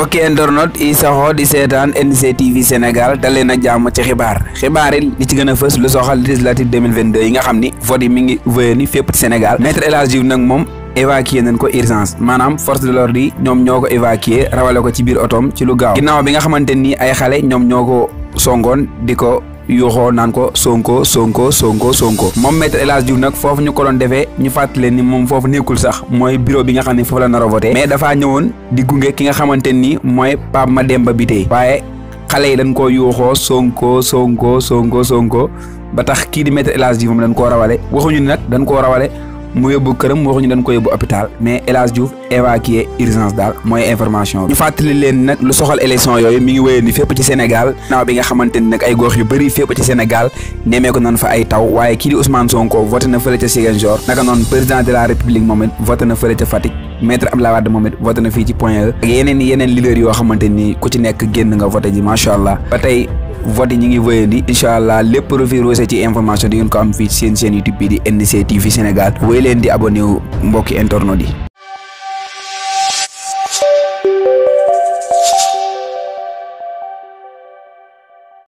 mbokki internet yi saxoo di seetaan NGTV Sénégal dalee na jàmm ci xibaar xibaar yi li ci gën a fës lu soxal législative 2022 yi nga xam ni vote yi mi ngi wéyee ni fépp ci Sénégal maître El Hadji Diouf nag moom évacué nañ ko urgence maanaam force de l'ordre yi ñoom ñoo ko évacué rawale ko ci biir otoom ci lu gaaw ginnaaw bi nga xamante ni ay xale ñoom ñoo ko songoon di ko yuuxoo naan ko Sonko Sonko Sonko Sonko moom maître El Hadji Diouf nag foofu ñu ko doon defee ñu fàttali leen ni moom foofu nekkul sax mooy bureau bi nga xam ne foofu la nar a voté mais dafaa ñëwoon di gunge ki nga xamante ni mooy Pape Mademba Bitèye waaye xale yi dañ koo yuuxoo Sonko Sonko Sonko Sonko ba tax kii di maître El Hadji Diouf moom koo rawale waxuñu nag dañ koo rawale mu yóbbu këram waxuñu dañ ko yóbbu hôpital mais El Hadj Diouf urgence daal mooy information ñu fàttali leen nag lu soxal élection yooyu mi ngi wéyee ni fépp ci Sénégal naaw bi nga xamante ni nag ay gox yu bëri fépp ci Sénégal nemee ko nañ fa ay taw waaye kii di Ousmane Sonko voté na fële ca Ziguinchor naka noonu président de la République moom it voté na fële ca Fatick maître Abdoulaye Wade moom it voté na fii ci Point E ak yeneen xamante ni ku ci nekk génn nga voté ji macha allah ba vote yi ñu ngi wéy di incha allah lépp lu fi roose information di ngeen ko am fii seen seen YouTube bi di NDC TV Sénégal wéy leen di abonné wu mbokki internautes yi